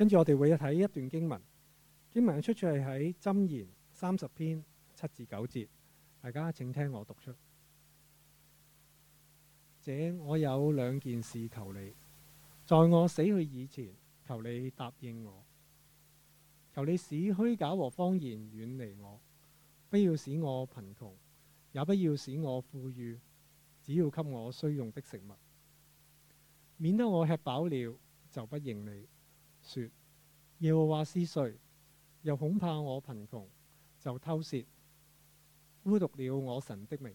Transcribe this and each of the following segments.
跟住我哋會睇一段經文，經文嘅出處係喺《箴言》三十篇七至九節，大家請聽我讀出。姐我有兩件事求你，在我死去以前，求你答應我，求你使虛假和謊言遠離我，不要使我貧窮，也不要使我富裕，只要給我需用的食物，免得我吃飽了就不認你。說耶和華是誰？又恐怕我貧窮，就偷竊，污瀆了我神的名。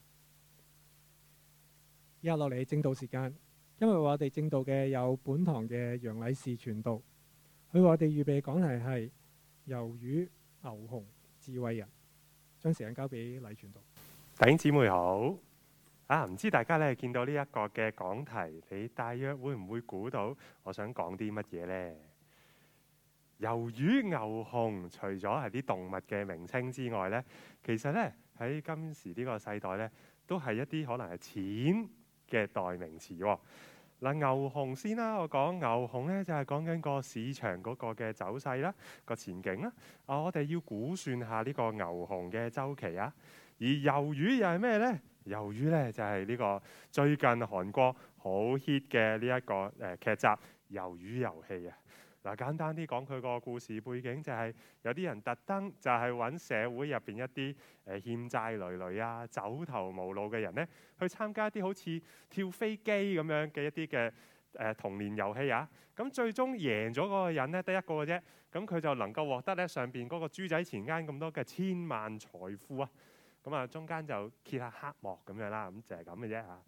以下落嚟正道時間，因為我哋正道嘅有本堂嘅楊禮士傳道，佢話我哋預備講題係魷魚、牛熊、熊智慧人，將時間交俾禮傳道。弟兄姊妹好啊，唔知大家咧見到呢一個嘅講題，你大約會唔會估到我想講啲乜嘢呢？魷魚、牛熊，除咗係啲動物嘅名稱之外咧，其實咧喺今時呢個世代咧，都係一啲可能係錢嘅代名詞、哦。嗱、啊，牛熊先啦，我講牛熊咧就係講緊個市場嗰個嘅走勢啦、個前景啦。我哋要估算下呢個牛熊嘅周期啊。而魷魚又係咩咧？魷魚咧就係、是、呢個最近韓國好 hit 嘅呢一個誒劇集《魷魚遊戲》啊。嗱，簡單啲講，佢個故事背景就係、是、有啲人特登就係揾社會入邊一啲誒欠債累累啊、走投無路嘅人咧，去參加一啲好似跳飛機咁樣嘅一啲嘅誒童年遊戲啊。咁最終贏咗嗰個人咧，得一個嘅啫。咁佢就能夠獲得咧上邊嗰個豬仔前間咁多嘅千萬財富啊。咁啊，中間就揭下黑幕咁樣啦。咁就係咁嘅啫啊。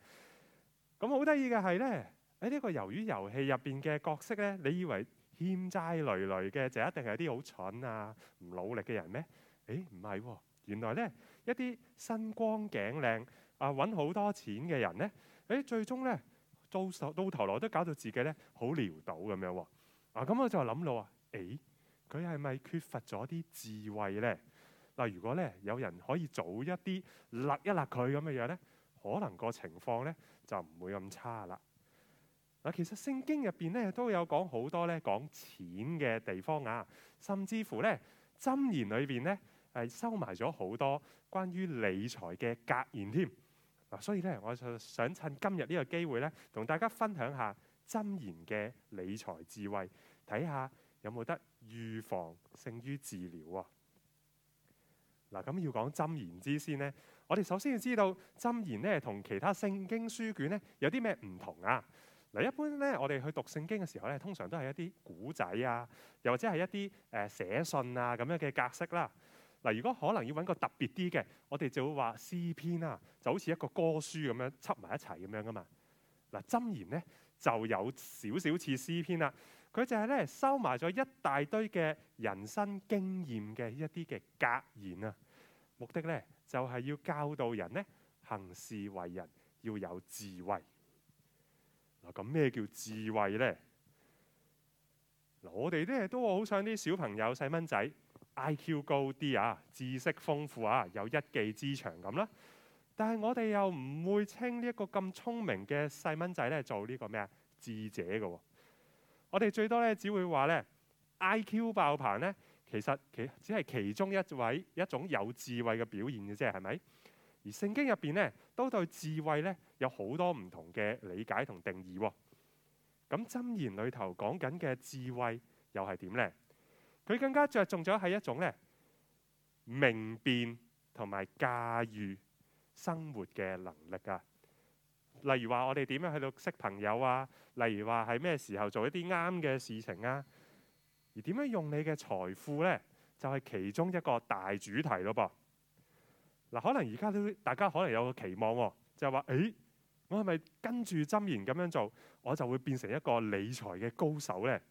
咁好得意嘅係咧喺呢個魷魚遊戲入邊嘅角色咧，你以為？欠債累累嘅就一定係啲好蠢啊、唔努力嘅人咩？誒唔係喎，原來咧一啲身光頸靚啊，揾好多錢嘅人咧，誒最終咧到到頭來都搞到自己咧好潦倒咁樣喎。啊咁我就諗到啊，誒佢係咪缺乏咗啲智慧咧？嗱，如果咧有人可以早一啲勒一勒佢咁嘅嘢咧，可能個情況咧就唔會咁差啦。嗱，其實聖經入邊咧都有講好多咧講錢嘅地方啊，甚至乎咧箴言裏邊咧係收埋咗好多關於理財嘅格言添嗱。所以咧，我就想趁今日呢個機會咧，同大家分享下箴言嘅理財智慧，睇下有冇得預防勝於治療啊。嗱，咁要講箴言之先呢，我哋首先要知道箴言咧同其他聖經書卷咧有啲咩唔同啊。嗱，一般咧，我哋去讀聖經嘅時候咧，通常都係一啲古仔啊，又或者係一啲誒寫信啊咁樣嘅格式啦。嗱，如果可能要搵個特別啲嘅，我哋就會話詩篇啦，就好似一個歌書咁樣輯埋一齊咁樣㗎嘛。嗱，箴言咧就有少少似詩篇啦，佢就係咧收埋咗一大堆嘅人生經驗嘅一啲嘅格言啊，目的咧就係要教導人咧行事為人要有智慧。咁、啊、咩叫智慧咧？嗱，我哋咧都好想啲小朋友、細蚊仔 IQ 高啲啊，知識豐富啊，有一技之長咁啦。但係我哋又唔會稱呢一個咁聰明嘅細蚊仔咧做呢個咩啊？智者嘅、哦。我哋最多咧，只會話咧 IQ 爆棚咧，其實其只係其中一位一種有智慧嘅表現嘅啫，係咪？而聖經入邊咧，都對智慧咧有好多唔同嘅理解同定義喎。咁箴言裏頭講緊嘅智慧又係點呢？佢更加着重咗係一種咧明辨同埋駕馭生活嘅能力啊。例如話，我哋點樣去到識朋友啊？例如話，喺咩時候做一啲啱嘅事情啊？而點樣用你嘅財富呢，就係其中一個大主題咯噃。嗱，可能而家都大家可能有個期望、啊，就係、是、話：，誒、欸，我係咪跟住箴言咁樣做，我就會變成一個理財嘅高手咧？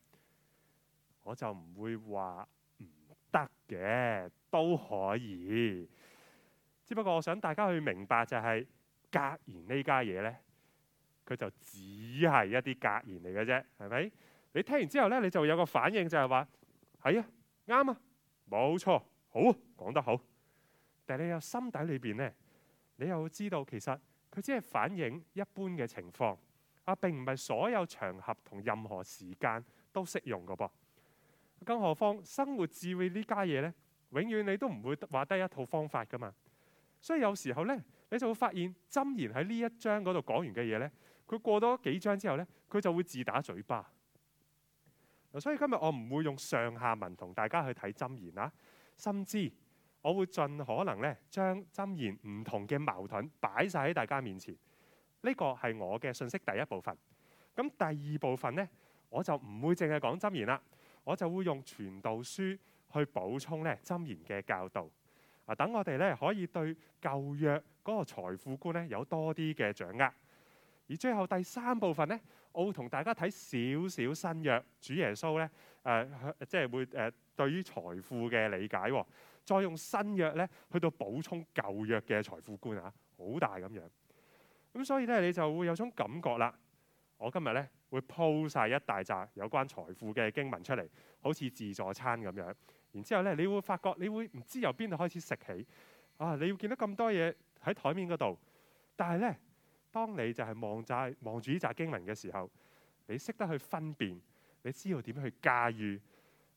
我就唔會話唔得嘅，都可以。只不過我想大家去明白就係、是、格言這家呢家嘢咧，佢就只係一啲格言嚟嘅啫，係咪？你聽完之後咧，你就會有個反應就是說，就係話：，係啊，啱啊，冇錯，好，講得好。但你又心底裏邊呢，你又會知道其實佢只係反映一般嘅情況啊，並唔係所有場合同任何時間都適用噶噃。更何況生活智慧呢家嘢呢，永遠你都唔會話得一套方法噶嘛。所以有時候呢，你就會發現箴言喺呢一章嗰度講完嘅嘢呢，佢過多幾章之後呢，佢就會自打嘴巴。所以今日我唔會用上下文同大家去睇箴言啊，甚至。我會盡可能咧，將箴言唔同嘅矛盾擺晒喺大家面前。呢個係我嘅信息第一部分。咁第二部分呢，我就唔會淨係講箴言啦，我就會用傳道書去補充咧箴言嘅教導啊。等我哋咧可以對舊約嗰個財富觀咧有多啲嘅掌握。而最後第三部分呢，我會同大家睇少少新約主耶穌咧誒，即係會誒、呃、對於財富嘅理解。再用新約咧，去到補充舊約嘅財富觀啊，好大咁樣。咁所以咧，你就會有種感覺啦。我今日咧會鋪晒一大紮有關財富嘅經文出嚟，好似自助餐咁樣。然之後咧，你會發覺你會唔知由邊度開始食起啊！你要見到咁多嘢喺台面嗰度，但係咧，當你就係望住望住呢紮經文嘅時候，你識得去分辨，你知道點樣去駕馭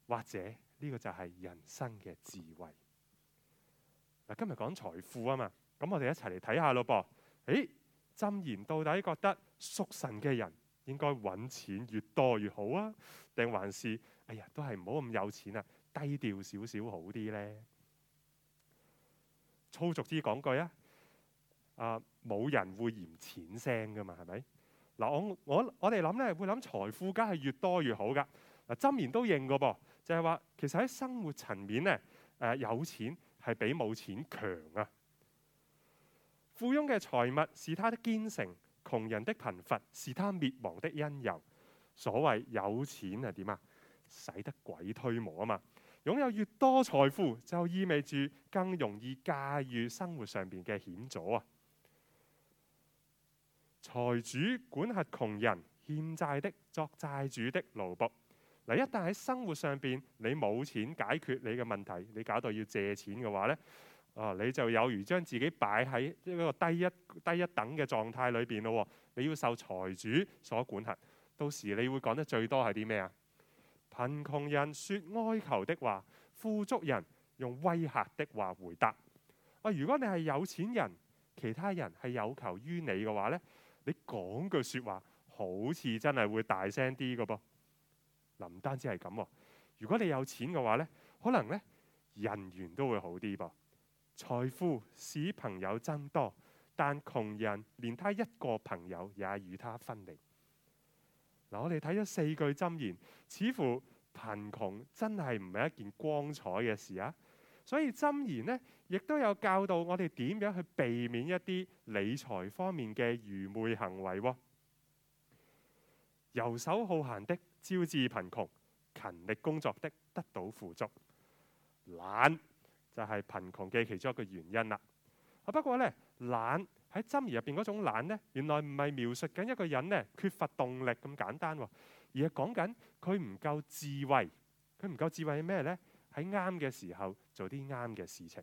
或者。呢、這個就係人生嘅智慧嗱。今日講財富啊嘛，咁我哋一齊嚟睇下咯噃。誒，箴言到底覺得屬神嘅人應該揾錢越多越好啊？定還是哎呀，都係唔好咁有錢啊，低調少少好啲咧？粗俗啲講句啊，啊，冇人會嫌錢聲噶嘛，係咪？嗱，我我我哋諗咧，會諗財富梗係越多越好噶。嗱，箴言都認噶噃。就係話，其實喺生活層面咧，誒、啊、有錢係比冇錢強啊！富翁嘅財物是他的堅城，窮人的貧乏是他滅亡的因由。所謂有錢係點啊，使得鬼推磨啊嘛！擁有越多財富，就意味住更容易駕馭生活上邊嘅險阻啊！財主管轄窮人欠債的，作債主的奴僕。嗱，一旦喺生活上邊你冇錢解決你嘅問題，你搞到要借錢嘅話咧，啊，你就有如將自己擺喺一個低一低一等嘅狀態裏邊咯，你要受財主所管轄。到時你會講得最多係啲咩啊？貧窮人說哀求的話，富足人用威嚇的話回答。啊，如果你係有錢人，其他人係有求於你嘅話咧，你講句說話好似真係會大聲啲嘅噃。林唔單止係咁，如果你有錢嘅話呢，可能呢，人緣都會好啲噃。財富使朋友增多，但窮人連他一個朋友也與他分離。嗱，我哋睇咗四句箴言，似乎貧窮真係唔係一件光彩嘅事啊！所以箴言呢，亦都有教導我哋點樣去避免一啲理財方面嘅愚昧行為。游手好閒的招致貧窮，勤力工作的得到富足，懶就係、是、貧窮嘅其中一個原因啦。啊不過咧，懶喺箴言入邊嗰種懶咧，原來唔係描述緊一個人咧缺乏動力咁簡單、哦，而係講緊佢唔夠智慧。佢唔夠智慧係咩咧？喺啱嘅時候做啲啱嘅事情。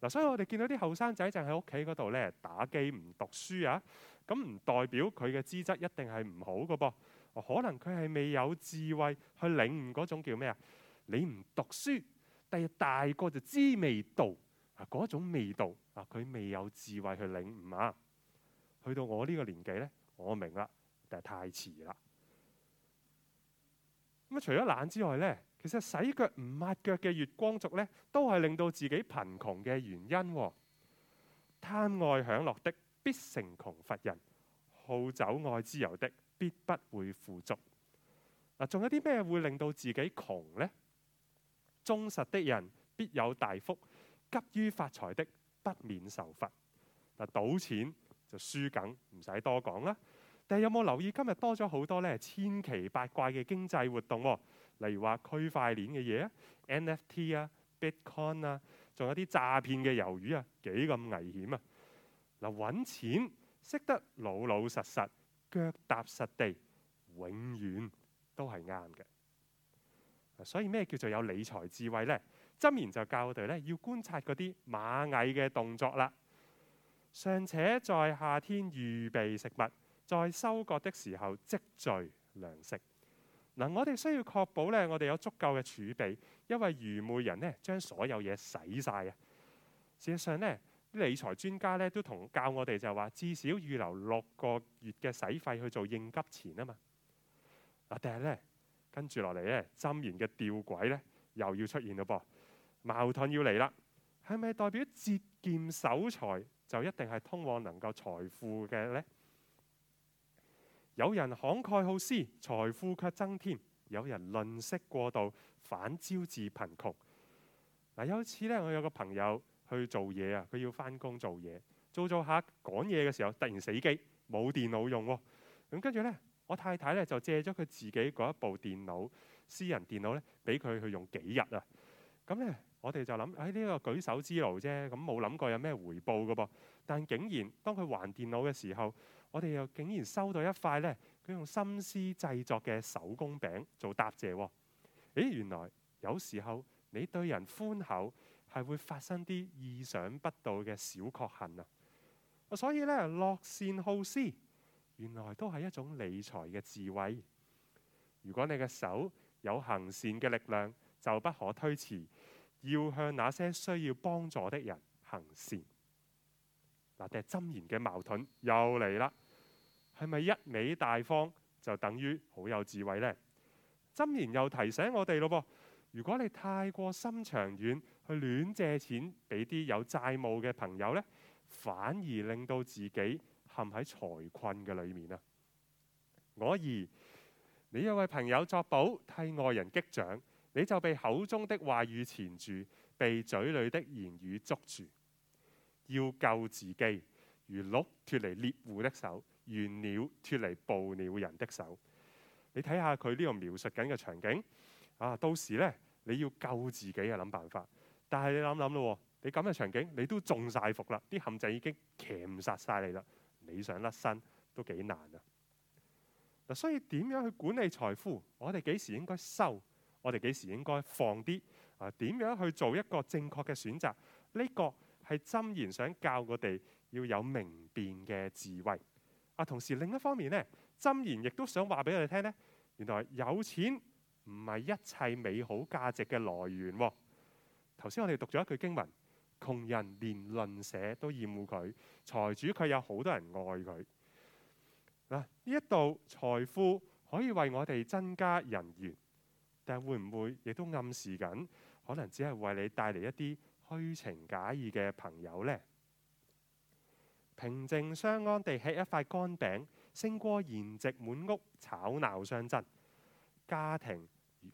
嗱，所以我哋見到啲後生仔就喺屋企嗰度咧打機唔讀書啊，咁唔代表佢嘅資質一定係唔好嘅噃。可能佢係未有智慧去領悟嗰種叫咩啊？你唔讀書，第日大個就知味道啊！嗰種味道啊，佢未有智慧去領悟啊。去到我呢個年紀咧，我明啦，但係太遲啦。咁啊，除咗懶之外咧，其實洗腳唔抹腳嘅月光族咧，都係令到自己貧窮嘅原因，哦。貪愛享樂的，必成窮乏人；好酒愛之油的。必不會富足。嗱，仲有啲咩會令到自己窮呢？忠實的人必有大福，急於發財的不免受罰。嗱，賭錢就輸梗，唔使多講啦。但係有冇留意今日多咗好多咧，千奇百怪嘅經濟活動？例如話區塊鏈嘅嘢、NFT 啊、Bitcoin 啊，仲有啲詐騙嘅魷魚啊，幾咁危險啊！嗱，搵錢識得老老實實。腳踏實地，永遠都係啱嘅。所以咩叫做有理財智慧呢？箴言就教我哋咧，要觀察嗰啲螞蟻嘅動作啦。尚且在夏天預備食物，在收割的時候積聚糧食。嗱，我哋需要確保咧，我哋有足夠嘅儲備，因為愚昧人呢將所有嘢使晒啊！事實上呢。啲理財專家咧都同教我哋就話，至少預留六個月嘅使費去做應急錢啊嘛。嗱、啊，但係咧，跟住落嚟咧，箴言嘅吊詭咧又要出現咯噃，矛盾要嚟啦。係咪代表節儉守財就一定係通往能夠財富嘅咧？有人慷慨好施，財富卻增添；有人吝嗇過度，反招致貧窮。嗱、啊，有一次咧，我有個朋友。去做嘢啊！佢要翻工做嘢，做做下講嘢嘅時候突然死機，冇電腦用喎、哦。咁跟住呢，我太太呢，就借咗佢自己嗰一部電腦，私人電腦呢，俾佢去用幾日啊。咁呢，我哋就諗，哎呢、呢個舉手之勞啫，咁冇諗過有咩回報噶噃。但竟然當佢還電腦嘅時候，我哋又竟然收到一塊呢，佢用心思製作嘅手工餅做答謝、哦。誒，原來有時候你對人寬厚，係會發生啲意想不到嘅小確幸。啊！所以呢，樂善好施原來都係一種理財嘅智慧。如果你嘅手有行善嘅力量，就不可推遲，要向那些需要幫助的人行善嗱。但係箴言嘅矛盾又嚟啦，係咪一味大方就等於好有智慧呢？箴言又提醒我哋咯噃，如果你太過心長遠。去亂借錢俾啲有債務嘅朋友呢，反而令到自己陷喺財困嘅裏面啊！我兒，你有為朋友作保，替外人擊掌，你就被口中的話語纏住，被嘴裏的言語捉住。要救自己，如鹿脫離獵戶的手，如鳥脫離捕鳥人的手。你睇下佢呢度描述緊嘅場景啊！到時呢，你要救自己啊，諗辦法。但係你諗諗咯，你咁嘅場景，你都中晒伏啦，啲陷阱已經鉗殺晒你啦，你想甩身都幾難啊！嗱，所以點樣去管理財富？我哋幾時應該收？我哋幾時應該放啲？啊，點樣去做一個正確嘅選擇？呢個係箴言想教我哋要有明辨嘅智慧。啊，同時另一方面呢，箴言亦都想話俾我哋聽呢，原來有錢唔係一切美好價值嘅來源。啊頭先我哋讀咗一句經文，窮人連鄰舍都厭惡佢，財主佢有好多人愛佢。嗱，呢一度財富可以為我哋增加人緣，但會唔會亦都暗示緊，可能只係為你帶嚟一啲虛情假意嘅朋友呢？平靜相安地吃一塊乾餅，勝過筵席滿屋吵鬧相爭。家庭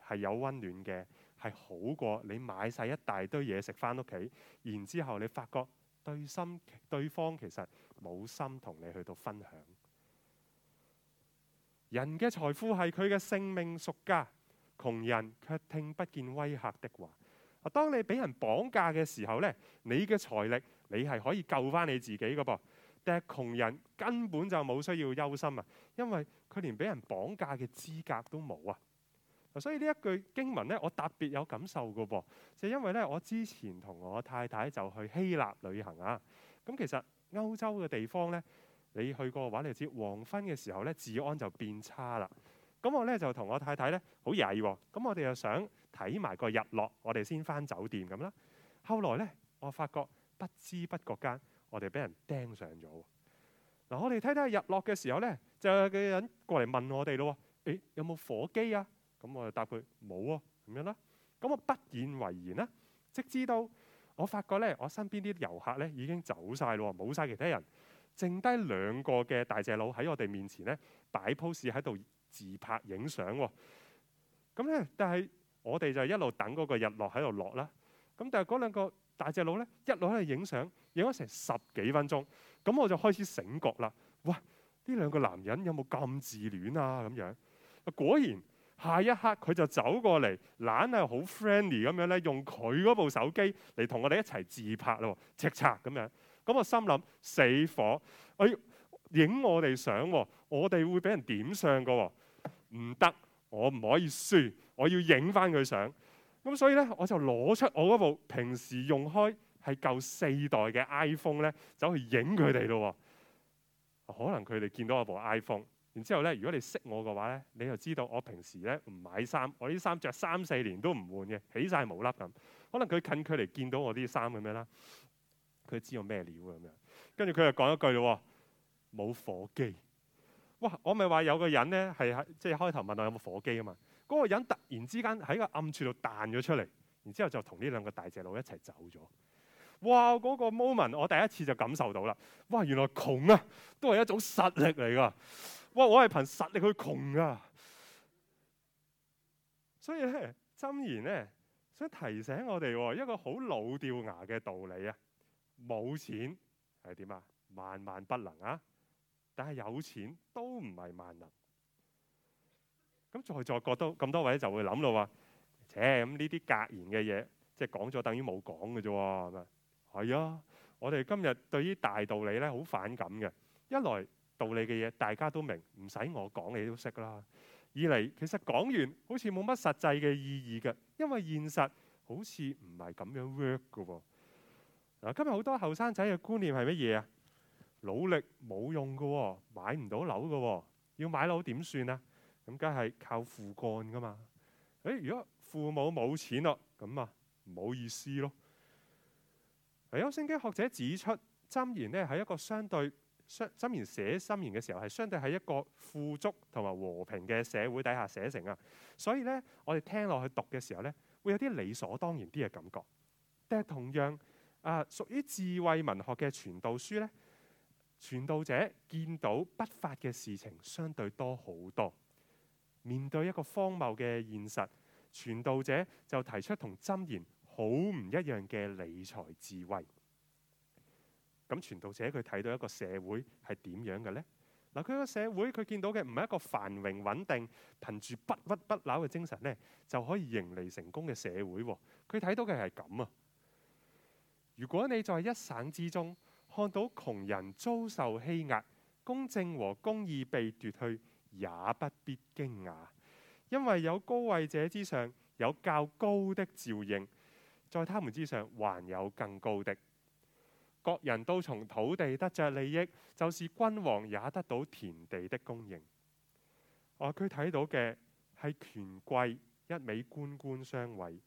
係有溫暖嘅。係好過你買晒一大堆嘢食翻屋企，然之後你發覺對心對方其實冇心同你去到分享。人嘅財富係佢嘅性命贖價，窮人卻聽不見威嚇的話。當你俾人綁架嘅時候呢，你嘅財力你係可以救翻你自己嘅噃，但係窮人根本就冇需要憂心啊，因為佢連俾人綁架嘅資格都冇啊。所以呢一句經文咧，我特別有感受噶噃，就係因為咧，我之前同我太太就去希臘旅行啊。咁其實歐洲嘅地方咧，你去過嘅話，你知黃昏嘅時候咧，治安就變差啦。咁我咧就同我太太咧好曳咁，我哋又想睇埋個日落，我哋先翻酒店咁啦。後來咧，我發覺不知不覺間，我哋俾人盯上咗嗱。我哋睇睇日落嘅時候咧，就有個人過嚟問我哋咯。誒、欸，有冇火機啊？咁我就答佢冇啊，咁樣啦。咁我不以為然啦，直至到我發覺咧，我身邊啲遊客咧已經走曬咯，冇晒其他人，剩低兩個嘅大隻佬喺我哋面前咧擺 pose 喺度自拍影相，哦。咁咧，但係我哋就一路等嗰個日落喺度落啦。咁但係嗰兩個大隻佬咧，一路喺度影相，影咗成十幾分鐘。咁我就開始醒覺啦。嘩，呢兩個男人有冇咁自戀啊？咁樣果然。下一刻佢就走過嚟，懶係好 friendly 咁樣咧，用佢嗰部手機嚟同我哋一齊自拍咯，赤插咁樣。咁我心諗死火，哎影我哋相，我哋會俾人點相噶，唔得，我唔可以輸，我要影翻佢相。咁所以咧，我就攞出我嗰部平時用開係舊四代嘅 iPhone 咧，走去影佢哋咯。可能佢哋見到一部 iPhone。然之後咧，如果你識我嘅話咧，你就知道我平時咧唔買衫，我啲衫着三四年都唔換嘅，起晒毛粒咁。可能佢近距離見到我啲衫咁樣啦，佢知我咩料咁樣。跟住佢就講一句咯：冇火機。哇！我咪話有個人咧係即係開頭問我有冇火機啊嘛。嗰個人突然之間喺個暗處度彈咗出嚟，然之後就同呢兩個大隻佬一齊走咗。哇！嗰個 moment 我第一次就感受到啦。哇！原來窮啊，都係一種實力嚟㗎。哇！我係憑實力去窮㗎，所以咧真言呢，想提醒我哋，一個好老掉牙嘅道理啊，冇錢係點啊，萬萬不能啊！但係有錢都唔係萬能。咁在座咁多咁多位就會諗咯話，切咁呢啲格言嘅嘢，即係講咗等於冇講嘅啫，係嘛？係啊，我哋今日對於大道理咧好反感嘅，一來。道理嘅嘢，大家都明，唔使我講你都識啦。二嚟，其實講完好似冇乜實際嘅意義嘅，因為現實好似唔係咁樣 work 嘅。嗱，今日好多後生仔嘅觀念係乜嘢啊？努力冇用嘅，買唔到樓嘅，要買樓點算啊？咁梗係靠父幹噶嘛？誒、哎，如果父母冇錢咯，咁啊唔好意思咯。而有聲機學者指出，箴言呢係一個相對。箴言寫箴言嘅時候，係相對喺一個富足同埋和平嘅社會底下寫成啊，所以咧，我哋聽落去讀嘅時候咧，會有啲理所當然啲嘅感覺。但係同樣啊，屬於智慧文學嘅傳道書咧，傳道者見到不法嘅事情相對多好多，面對一個荒謬嘅現實，傳道者就提出同箴言好唔一樣嘅理財智慧。咁傳道者佢睇到一個社會係點樣嘅呢？嗱，佢個社會佢見到嘅唔係一個繁榮穩定、憑住不屈不撓嘅精神呢，就可以迎嚟成功嘅社會。佢睇到嘅係咁啊！如果你在一省之中看到窮人遭受欺壓、公正和公義被奪去，也不必驚訝，因為有高位者之上有較高的照應，在他們之上還有更高的。各人都從土地得着利益，就是君王也得到田地的供應。我佢睇到嘅係權貴一味官官相衛、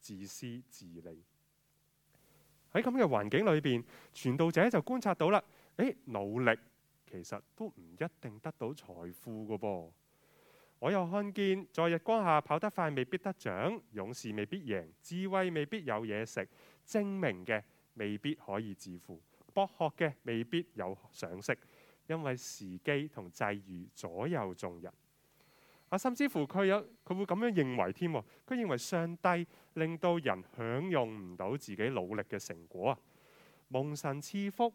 自私自利。喺咁嘅環境裏面，傳道者就觀察到啦。誒，努力其實都唔一定得到財富㗎噃。我又看見在日光下跑得快未必得獎，勇士未必贏，智慧未必有嘢食，精明嘅，未必可以自負，博學嘅未必有賞識，因為時機同際遇左右眾人。啊，甚至乎佢有佢會咁樣認為添，佢認為上帝令到人享用唔到自己努力嘅成果啊！蒙神賜福、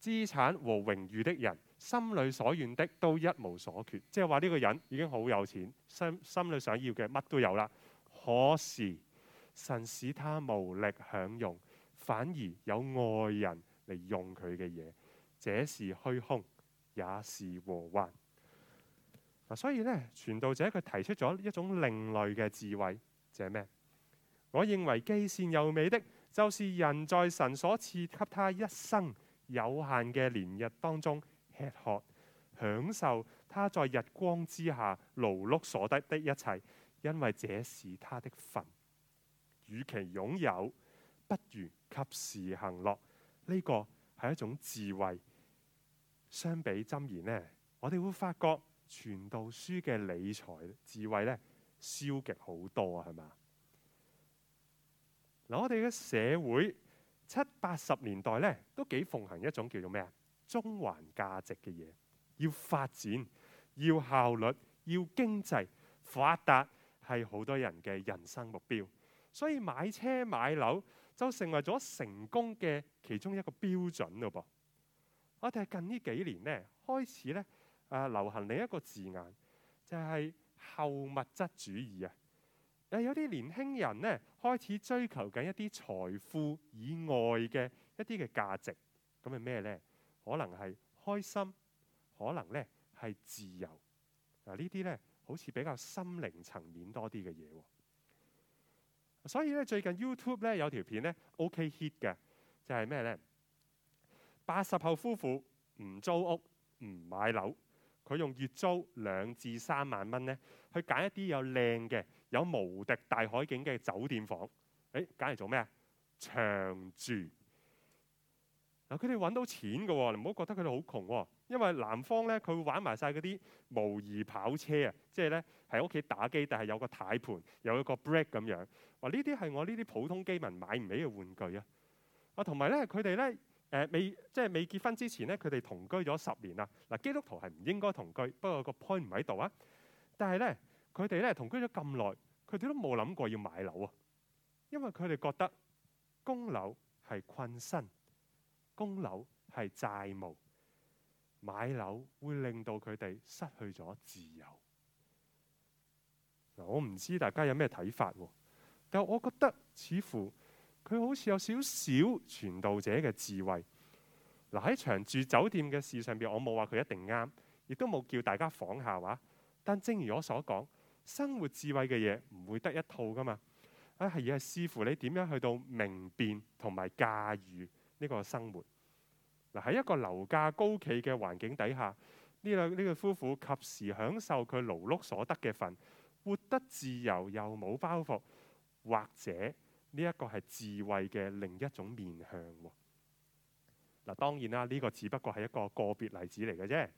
資產和榮譽的人，心裏所願的都一無所缺，即係話呢個人已經好有錢，心心裏想要嘅乜都有啦。可是神使他無力享用。反而有外人嚟用佢嘅嘢，這是虛空，也是禍患。所以呢，傳道者佢提出咗一種另類嘅智慧，即係咩？我認為既善又美的，就是人在神所賜給他一生有限嘅年日當中吃喝，hot, 享受他在日光之下勞碌所得的一切，因為這是他的份。與其擁有。不如及時行樂，呢個係一種智慧。相比箴言呢，我哋會發覺傳道書嘅理財智慧呢，消極好多啊，係嘛？嗱，我哋嘅社會七八十年代呢，都幾奉行一種叫做咩啊？中環價值嘅嘢，要發展，要效率，要經濟發達，係好多人嘅人生目標。所以買車買樓。就成為咗成功嘅其中一個標準咯噃。我哋近呢幾年咧，開始咧，啊流行另一個字眼，就係後物質主義啊。誒有啲年輕人咧，開始追求緊一啲財富以外嘅一啲嘅價值。咁係咩咧？可能係開心，可能咧係自由。嗱呢啲咧，好似比較心靈層面多啲嘅嘢喎。所以咧，最近 YouTube 咧有條片咧 OK hit 嘅，就係咩咧？八十後夫婦唔租屋唔買樓，佢用月租兩至三萬蚊咧，去揀一啲有靚嘅、有無敵大海景嘅酒店房。誒，揀嚟做咩啊？長住。嗱，佢哋揾到錢㗎喎，哦，你唔好覺得佢哋好窮喎。因為南方咧，佢會玩埋晒嗰啲模擬跑車啊，即係咧喺屋企打機，但係有個軚盤，有一個 brake 咁樣。話呢啲係我呢啲普通基民買唔起嘅玩具啊。啊，同埋咧，佢哋咧誒，未即係未結婚之前咧，佢哋同居咗十年啦。嗱，基督徒係唔應該同居，不過個 point 唔喺度啊。但係咧，佢哋咧同居咗咁耐，佢哋都冇諗過要買樓啊，因為佢哋覺得供樓係困身，供樓係債務。買樓會令到佢哋失去咗自由。嗱，我唔知大家有咩睇法喎，但我覺得似乎佢好似有少少傳道者嘅智慧。嗱，喺長住酒店嘅事上邊，我冇話佢一定啱，亦都冇叫大家仿下話。但正如我所講，生活智慧嘅嘢唔會得一套㗎嘛。啊，係而係視乎你點樣去到明辨同埋駕馭呢個生活。嗱，喺一個樓價高企嘅環境底下，呢兩呢個夫婦及時享受佢勞碌所得嘅份，活得自由又冇包袱，或者呢一個係智慧嘅另一種面向。嗱，當然啦，呢、呢個只不過係一個個別例子嚟嘅啫。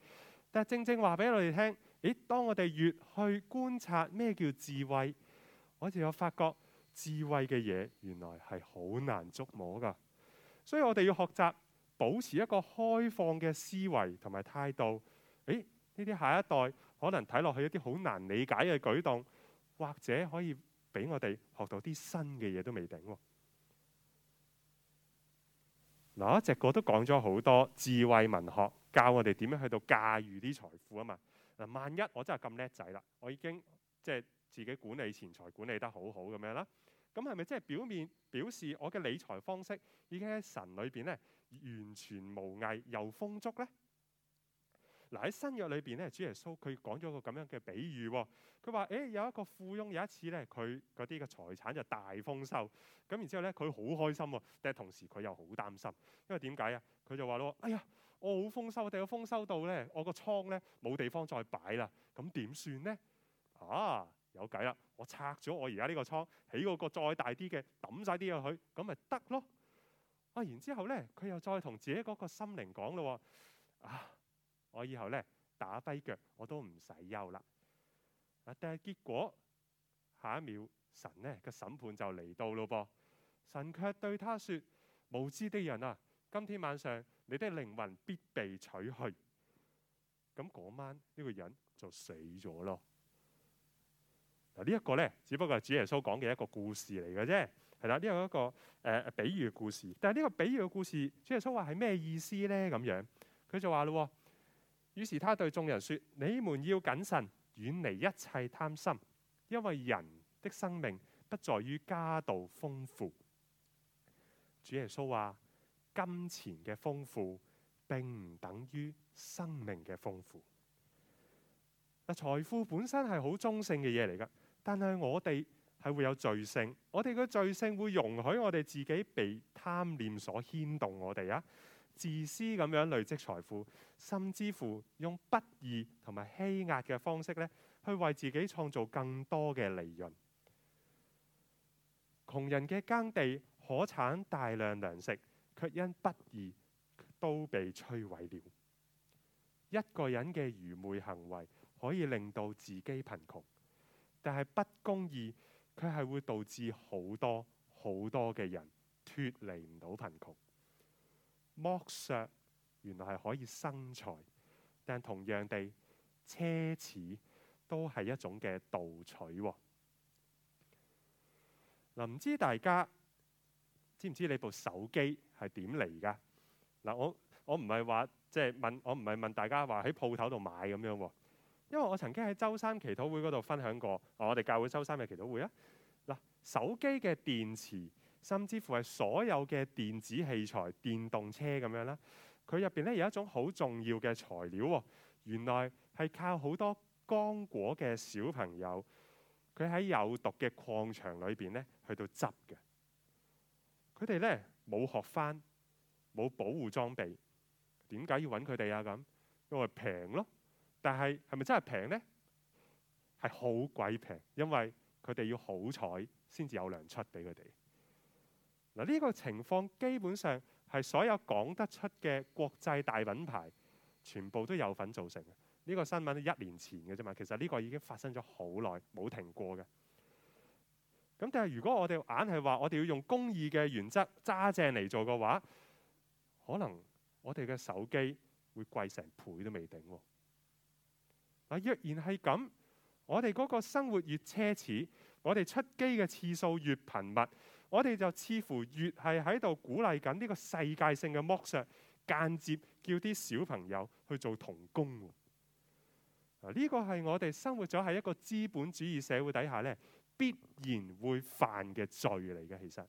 但係正正話俾我哋聽，咦？當我哋越去觀察咩叫智慧，我就有發覺智慧嘅嘢原來係好難捉摸噶，所以我哋要學習。保持一個開放嘅思維同埋態度。誒，呢啲下一代可能睇落去一啲好難理解嘅舉動，或者可以俾我哋學到啲新嘅嘢都未定。嗱、嗯，一隻個都講咗好多智慧文學，教我哋點樣去到駕馭啲財富吖嘛。嗱，萬一我真係咁叻仔啦，我已經即係、就是、自己管理錢財管理得好好咁樣啦，咁係咪即係表面表示我嘅理財方式已經喺神裏邊咧？完全無藝又豐足咧，嗱，喺新約裏邊咧，主耶穌佢講咗個咁樣嘅比喻喎，佢話誒，有一個富翁，有一次咧佢嗰啲嘅財產就大豐收，咁然之後咧佢好開心，但係同時佢又好擔心，因為點解啊？佢就話咯，哎呀，我好豐收，但係豐收到咧，我個倉咧冇地方再擺啦，咁點算咧？啊，有計啦，我拆咗我而家呢個倉，起嗰個再大啲嘅，抌晒啲嘢去，咁咪得咯。啊！然之後咧，佢又再同自己嗰個心靈講咯、啊，啊！我以後咧打跛腳我都唔使憂啦。啊！但係結果下一秒，神咧嘅審判就嚟到咯噃。神卻對他說：無知的人啊，今天晚上你的靈魂必被取去。咁嗰晚呢、這個人就死咗咯。嗱、這個，呢一個咧只不過係主耶穌講嘅一個故事嚟嘅啫。係啦，呢個一個誒、呃、比喻嘅故事。但係呢個比喻嘅故事，主耶穌話係咩意思呢？咁樣佢就話咯，於是他對眾人說：你們要謹慎，遠離一切貪心，因為人的生命不在於家道豐富。主耶穌話：金錢嘅豐富，並唔等於生命嘅豐富。嗱，財富本身係好中性嘅嘢嚟噶，但係我哋。係會有罪性，我哋嘅罪性會容許我哋自己被貪念所牽動我哋，我哋啊自私咁樣累積財富，甚至乎用不義同埋欺壓嘅方式咧，去為自己創造更多嘅利潤。窮人嘅耕地可產大量糧食，卻因不義都被摧毀了。一個人嘅愚昧行為可以令到自己貧窮，但係不公義。佢係會導致好多好多嘅人脫離唔到貧窮，剝削原來係可以生財，但同樣地奢侈都係一種嘅盜取、啊。嗱、啊，唔知大家知唔知道你部手機係點嚟噶？嗱、啊，我我唔係話即係問，我唔係問大家話喺鋪頭度買咁樣喎。因為我曾經喺週三祈禱會嗰度分享過，我哋教會週三嘅祈禱會啊！嗱，手機嘅電池，甚至乎係所有嘅電子器材、電動車咁樣啦，佢入邊咧有一種好重要嘅材料、哦、原來係靠好多剛果嘅小朋友，佢喺有毒嘅礦場裏邊咧去到執嘅，佢哋咧冇學翻，冇保護裝備，點解要揾佢哋啊？咁因為平咯。但係係咪真係平呢？係好鬼平，因為佢哋要好彩先至有糧出俾佢哋。嗱，呢個情況基本上係所有講得出嘅國際大品牌全部都有份造成嘅。呢個新聞都一年前嘅啫嘛。其實呢個已經發生咗好耐，冇停過嘅。咁但係如果我哋硬係話我哋要用公義嘅原則揸正嚟做嘅話，可能我哋嘅手機會貴成倍都未定。嗱，若然係咁，我哋嗰個生活越奢侈，我哋出機嘅次數越頻密，我哋就似乎越係喺度鼓勵緊呢個世界性嘅剝削，間接叫啲小朋友去做童工。啊，呢個係我哋生活咗喺一個資本主義社會底下咧，必然會犯嘅罪嚟嘅。其實，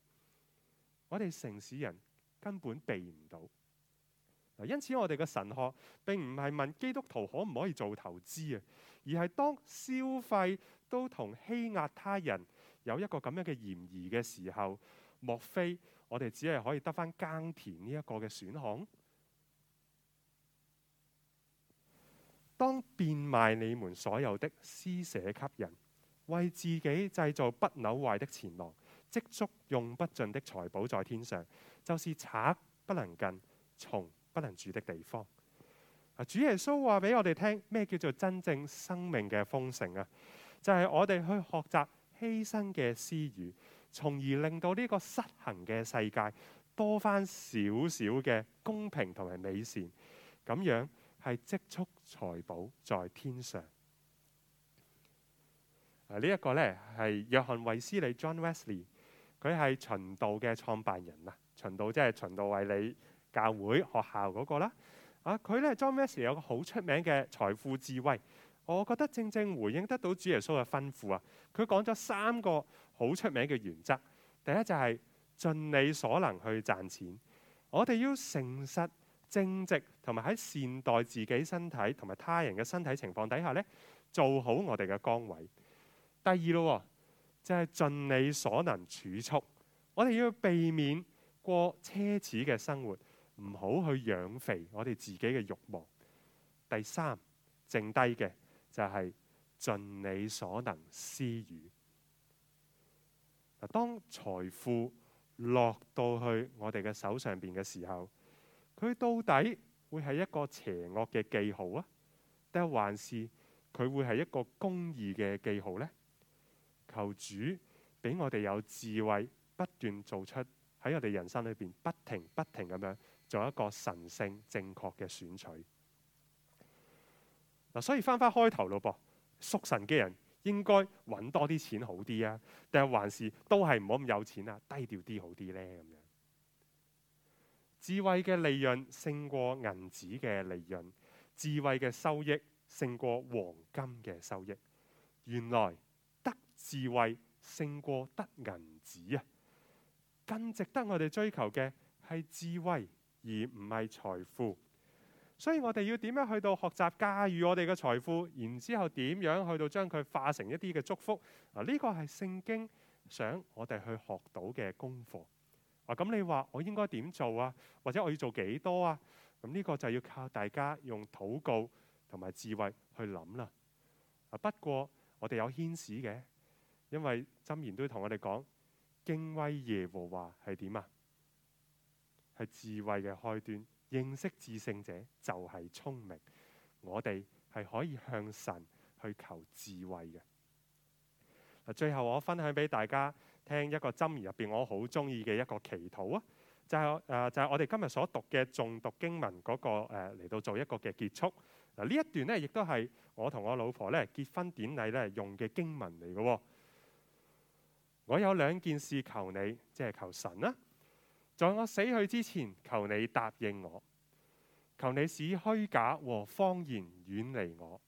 我哋城市人根本避唔到。因此，我哋嘅神學並唔係問基督徒可唔可以做投資啊，而係當消費都同欺壓他人有一個咁樣嘅嫌疑嘅時候，莫非我哋只係可以得返耕田呢一個嘅選項？當變賣你們所有的施捨給人，為自己製造不朽壞的錢囊，積蓄用不盡的財寶在天上，就是賊不能近從，從不能住的地方，主耶穌話俾我哋聽咩叫做真正生命嘅豐盛啊？就係我哋去學習犧牲嘅私欲，從而令到呢個失衡嘅世界多返少少嘅公平同埋美善，咁樣係積蓄財寶在天上。呢一個呢，係約翰衛斯理 （John Wesley），佢係循道嘅創辦人啦。循道即係循道衛理。教會學校嗰個啦，啊，佢咧，John Wesley 有個好出名嘅財富智慧，我覺得正正回應得到主耶穌嘅吩咐啊。佢講咗三個好出名嘅原則，第一就係盡你所能去賺錢，我哋要誠實正直，同埋喺善待自己身體同埋他人嘅身體情況底下咧，做好我哋嘅崗位。第二咯，就係盡你所能儲蓄，我哋要避免過奢侈嘅生活。唔好去養肥我哋自己嘅慾望。第三，剩低嘅就係盡你所能施予。嗱，當財富落到去我哋嘅手上邊嘅時候，佢到底會係一個邪惡嘅記號啊？定還是佢會係一個公義嘅記號呢？求主俾我哋有智慧，不斷做出。喺我哋人生裏邊，不停不停咁樣做一個神聖正確嘅選取。嗱，所以翻翻開頭咯，噃，屬神嘅人應該揾多啲錢好啲啊，定係還是都係唔好咁有錢啦，低調啲好啲呢？咁樣。智慧嘅利潤勝過銀子嘅利潤，智慧嘅收益勝過黃金嘅收益。原來得智慧勝過得銀子啊！更值得我哋追求嘅係智慧，而唔係財富。所以我哋要點樣去到學習駕馭我哋嘅財富，然之後點樣去到將佢化成一啲嘅祝福？嗱，呢個係聖經想我哋去學到嘅功課。啊，咁你話我應該點做啊？或者我要做幾多啊？咁呢個就要靠大家用禱告同埋智慧去諗啦。不過我哋有牽使嘅，因為箴言都同我哋講。敬畏耶和華係點啊？係智慧嘅開端，認識至聖者就係聰明。我哋係可以向神去求智慧嘅。最後我分享俾大家聽一個箴言入邊，我好中意嘅一個祈禱啊，就係、是、誒，就係、是、我哋今日所讀嘅誦讀經文嗰、那個誒嚟到做一個嘅結束。嗱，呢一段呢，亦都係我同我老婆咧結婚典禮咧用嘅經文嚟嘅。我有兩件事求你，即係求神啦、啊。在我死去之前，求你答應我，求你使虛假和謊言遠離我，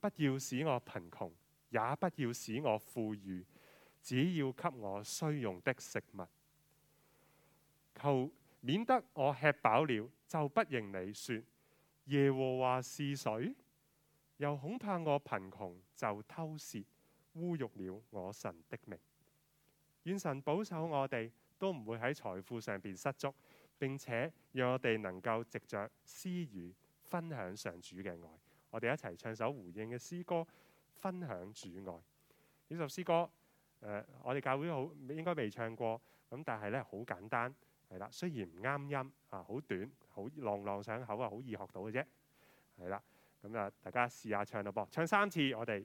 不要使我貧窮，也不要使我富裕，只要給我需用的食物。求免得我吃飽了就不認你說耶和華是誰，又恐怕我貧窮就偷竊污辱了我神的名。願神保守我哋，都唔會喺財富上邊失足，並且讓我哋能夠藉着私語分享上主嘅愛。我哋一齊唱首回應嘅詩歌，分享主愛。呢首詩歌，誒、呃，我哋教會好應該未唱過，咁但係咧好簡單係啦。雖然唔啱音啊，好短，好朗朗上口啊，好易學到嘅啫。係啦，咁、嗯、啊，大家試下唱咯噃，唱三次我哋。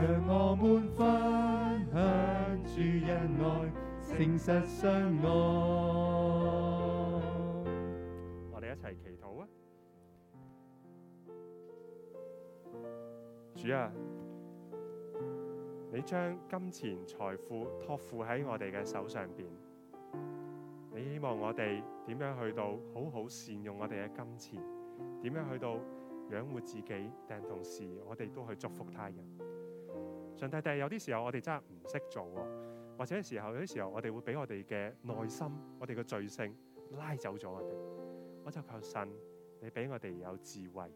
讓我們分享主恩愛，誠實相愛。我哋一齊祈禱啊！主啊，你將金錢財富託付喺我哋嘅手上邊，你希望我哋點樣去到好好善用我哋嘅金錢？點樣去到養活自己？但同時，我哋都去祝福他人。上帝，但係有啲時候我哋真係唔識做喎，或者時候有啲時候我哋會俾我哋嘅內心、我哋嘅罪性拉走咗我哋。我就求神，你俾我哋有智慧，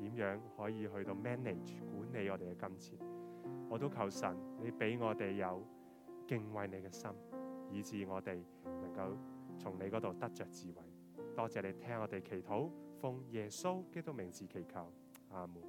點樣可以去到 manage 管理我哋嘅金錢。我都求神，你俾我哋有敬畏你嘅心，以致我哋能夠從你嗰度得着智慧。多謝你聽我哋祈禱，奉耶穌基督名字祈求，阿門。